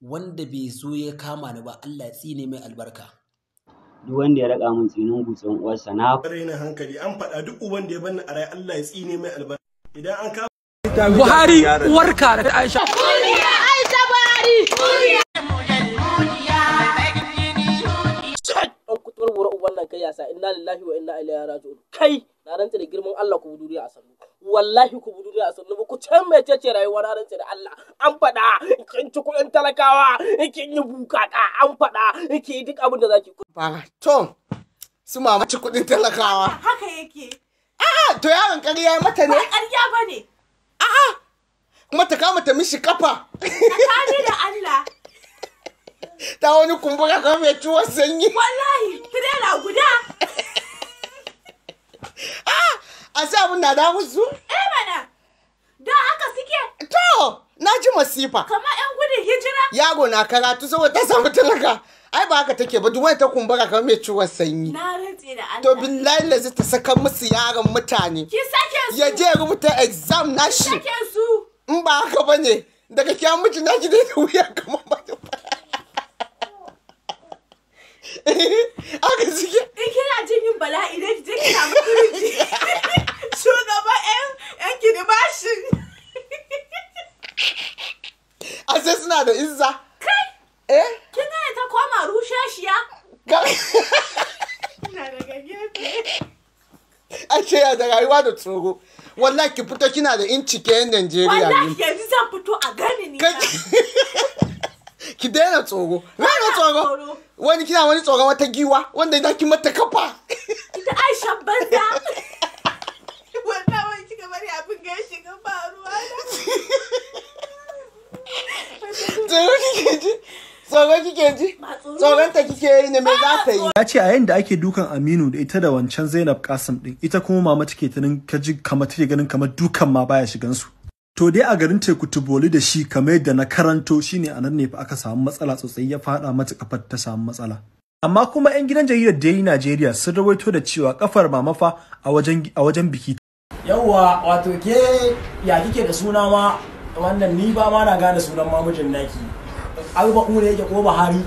wanda bai zo ya kama ni ba Allah ya tsine mai albarka duk wanda ya raka min tsinin gutsun uwarsa na raina hankali an faɗa duk uban da ya bani a rai Allah ya tsine mai albarka idan an ka Buhari uwarka da Aisha Aisha Buhari kai yasa inna lillahi wa inna ilaihi raji'un kai na rantsa da girman Allah ku duniya a sallu wallahi ku budu da sannu ku can mece ce rayuwar ranar da Allah an faɗa kin ci kuɗin talakawa kin yi bukata an faɗa ki duk abin da zaki ku ba to su mama ci kuɗin talakawa haka yake a to yaron ƙarya mata ne ba ƙarya bane a kuma ta kama ta mishi kafa tsakani da Allah ta wani kumbura kan mai ciwon sanyi wallahi tirela guda a sai abin na dawo su eh mana da haka suke to na ji masifa kamar yan gudun hijira yaro na karatu saboda ta samu talaka ai ba haka take ba duk wani ta kumbura kamar mai ciwon sanyi na rantse da Allah to billahi lazi ta saka musu yaran mutane ki sake su ya je rubuta exam na shi sake su in ba haka bane daga kiyan miji na ki da wuya kamar ba aka suke in kina jin yin bala'i ne ki je ki samu kurji shugaban yan yan kidibashin a sai suna da izza kai eh kin ga ta koma rushashiya ina daga gefe ce ya da rayuwa da tsoro wallahi ki fito kina da inci ke yan Najeriya ne wallahi yanzu zan fito a gani ni ki daina tsoro rana tsoro wani kina wani tsoron wata giwa wanda ya ki mata kafa ita aisha banza wanda wani kika bari abin ga faruwa tsoro kike ji tsoron kike ji tsoron ta kike yi ne mai za ta yi ya ce a yayin da ake dukan Aminu da ita da wancan Zainab Kasim din ita kuma mama take tunin kaji kamar take ganin kamar dukan ma baya shigan su to dai a garin teku tuboli da shi kamar yadda na karanto shine a nan ne fa aka samu matsala sosai ya fada mata kafar ta samu matsala amma kuma yan gidan jaridar Daily Nigeria sun rawaito da cewa kafar mamafa fa a wajen a wajen biki yawwa wato ke ya kike da suna ma wannan ni ba ma na gane sunan mamujin naki alba ne yake ko Buhari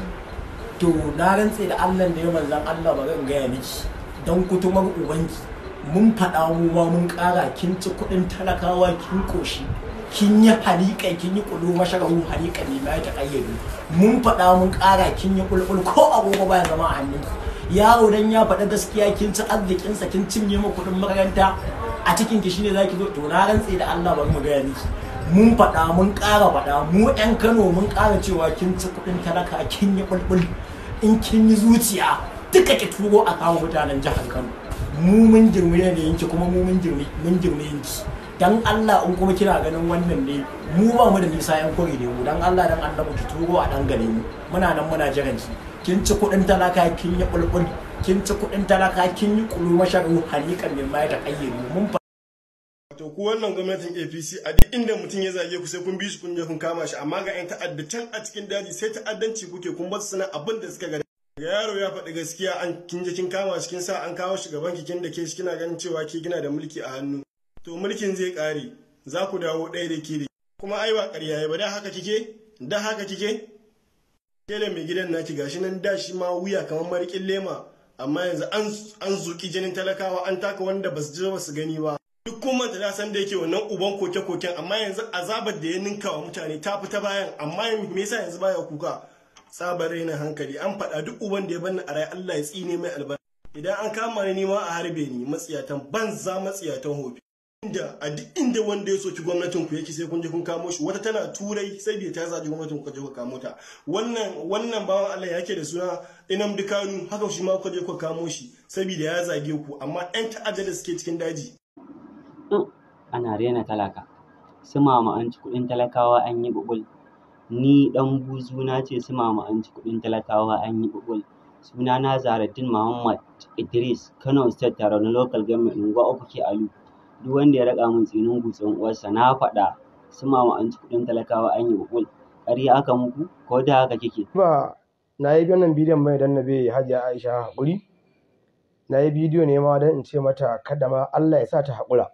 to na rantse da Allah da ya manzan Allah ba zan gaya miki don kutumar ubanki mun faɗa ruwa mun ƙara kin ci kuɗin talakawa kin ƙoshi kin yi halika kin yi ƙulu masharahu halika ne mai ta ƙayyade mun faɗa mun ƙara kin yi ƙulƙul ko agogo baya zama a hannun yaro dan ya faɗa gaskiya kin ci sa kin cinye mu kuɗin makaranta a cikin ki shine zaki zo to na rantse da Allah bari mu gaya miki mun faɗa mun ƙara faɗa mu 'yan Kano mun ƙara cewa kin ci kuɗin talaka kin yi ƙulƙul in kin yi zuciya duka ki turo a kawo mutanen jihar Kano mu mun girmi ne yanki kuma mu mun girmi mun girmi yanki dan Allah in kuma kina ganin wannan ne mu ba mu da nisa yan kore ne mu dan Allah dan Allah ku turo a dan gare mu muna nan muna jiran ki kin ci kudin talaka kin yi bulbul kin ci kudin talaka kin yi kulu masharu halikan min mai da kayyari mun to ku wannan gwamnatin APC a duk inda mutum ya zage ku sai kun bi shi kun je kun kama shi amma ga yan ta'adda can a cikin daji sai ta'addanci kuke kun ba su abin da suka yaro ya faɗi gaskiya an kin je kin kama shi kin sa an kawo shi gaban kin da ke shi kina ganin cewa ke gina da mulki a hannu to mulkin zai ƙare za ku dawo ɗaya da ke kuma ai ba ƙarya ba da haka kike da haka kike kele mai gidan naki gashi nan da shi ma wuya kamar marikin lema amma yanzu an zuki jinin talakawa an taka wanda ba su je ba su gani ba duk kuma ta san da yake wannan uban koke-koken amma yanzu azabar da ya ninka wa mutane ta fita bayan amma me yasa yanzu baya kuka tsaba rainin hankali an faɗa duk uban da ya bani a rai Allah ya tsine mai albarka idan an kama ni nima a harbe ni matsiyatan banza matsiyatan hobi inda a duk inda wanda ya soki gwamnatin ku yake sai kun je kun kamo shi wata tana turai sai bai ta zaji gwamnatin ku je ku kamo ta wannan wannan bawan Allah yake da suna inam dukanu haka shi ma ku je ku kamo shi saboda ya zage ku amma ɗan ta'adda da suke cikin daji ana rena talaka su mama an ci kuɗin talakawa an yi bubul Ni ɗan buzu na ce su mama an ci kuɗin talakawa an yi suna na Zahraddeen Muhammad Idris, Kano State da Local Government Unguwa Okuke Alu. Duk wanda ya raka min tsinin gutsun uwarsa na faɗa su mama an ci kuɗin talakawa an yi ɓuɓul. Ƙarya aka muku ko da haka kike. Ba na yi wannan bidiyon mai dan nabe bai Hajiya Aisha haƙuri. Na yi bidiyo ne ma don in ce mata kada ma Allah ya sa ta haƙura.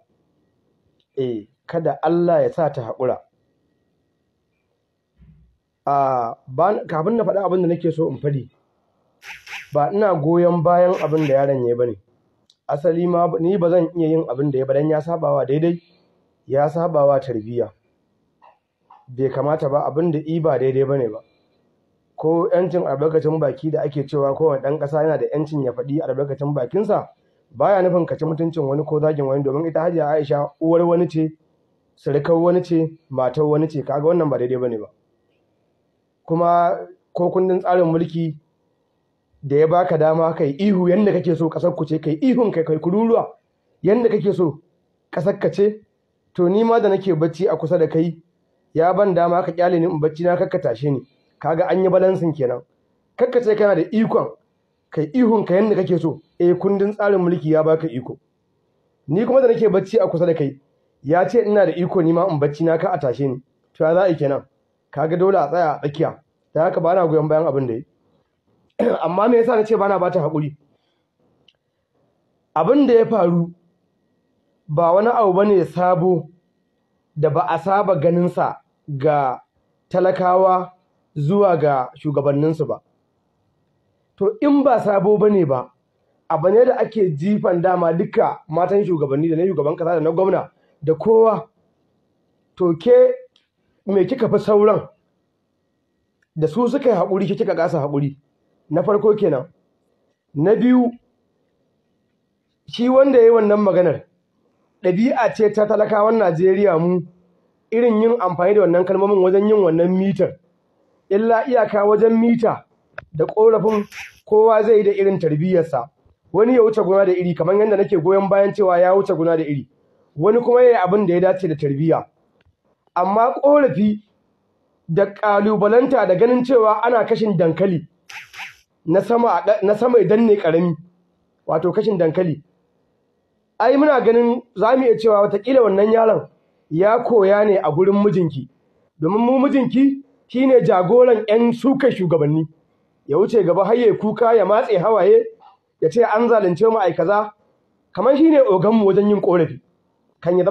Eh, kada Allah ya sa ta haƙura. kafin na faɗi abin da nake so in faɗi ba ina goyon bayan abin da yaron ya bane asali ma ni ba zan iya yin abin da ya badan ya sabawa daidai ya sabawa tarbiyya bai kamata ba abin da i ba daidai bane ba ko yancin albarkacin baki da ake cewa kowane ɗan ƙasa yana da yancin ya faɗi albarkacin bakinsa baya nufin kaci mutuncin wani ko zagin wani domin ita hajiya aisha uwar wani ce surukar wani ce matar wani ce kaga wannan ba daidai bane ba kuma ko kundin tsarin mulki da ya baka dama kai ihu yanda kake so kasar ku ce kai ihun kai kai kururuwa yanda kake so kasar ka ce to ni ma da nake bacci a kusa da kai ya ban dama ka kyale ni in bacci na kakka tashe ni kaga an yi balansin kenan kakka ce kana da ikon kai ihun ka yanda kake so eh kundin tsarin mulki ya baka iko ni kuma da nake bacci a kusa da kai ya ce ina da iko ni ma in bacci na ka a tashe ni to ya za a kenan kaga dole a tsaya a tsakiya da haka ba na goyon bayan abin da yi amma me yasa na ce ba na bata haƙuri abin da ya faru ba wani abu bane sabo da ba a saba ganinsa ga talakawa zuwa ga shugabanninsu ba to in ba sabo bane ba abu ne da ake jifan dama duka matan shugabanni da na shugaban kasa da na gwamna da kowa to ke me kika fi sauran da su suka yi haƙuri shi kika kasa haƙuri na farko kenan na biyu shi wanda ya yi wannan maganar ɗabi'a ce ta talakawan najeriya mu irin yin amfani da wannan kalmomin wajen yin wannan mitar illa iyaka wajen mita da ƙorafin kowa zai yi da irin tarbiyyarsa wani ya wuce gona da iri kamar yadda nake goyon bayan cewa ya wuce gona da iri wani kuma ya yi abin da ya dace da tarbiyya amma ƙorafi da ƙalubalanta da ganin cewa ana kashin dankali na sama idan ne ƙarami wato kashin dankali ai muna ganin za mu iya cewa watakila wannan yaron ya koya ne a gurin mijinki domin mu mijinki shine jagoran 'yan suka shugabanni ya wuce gaba har ya kuka ya matse hawaye ya ce an zalunce mu ai kamar shine oganmu wajen yin ƙorafi kan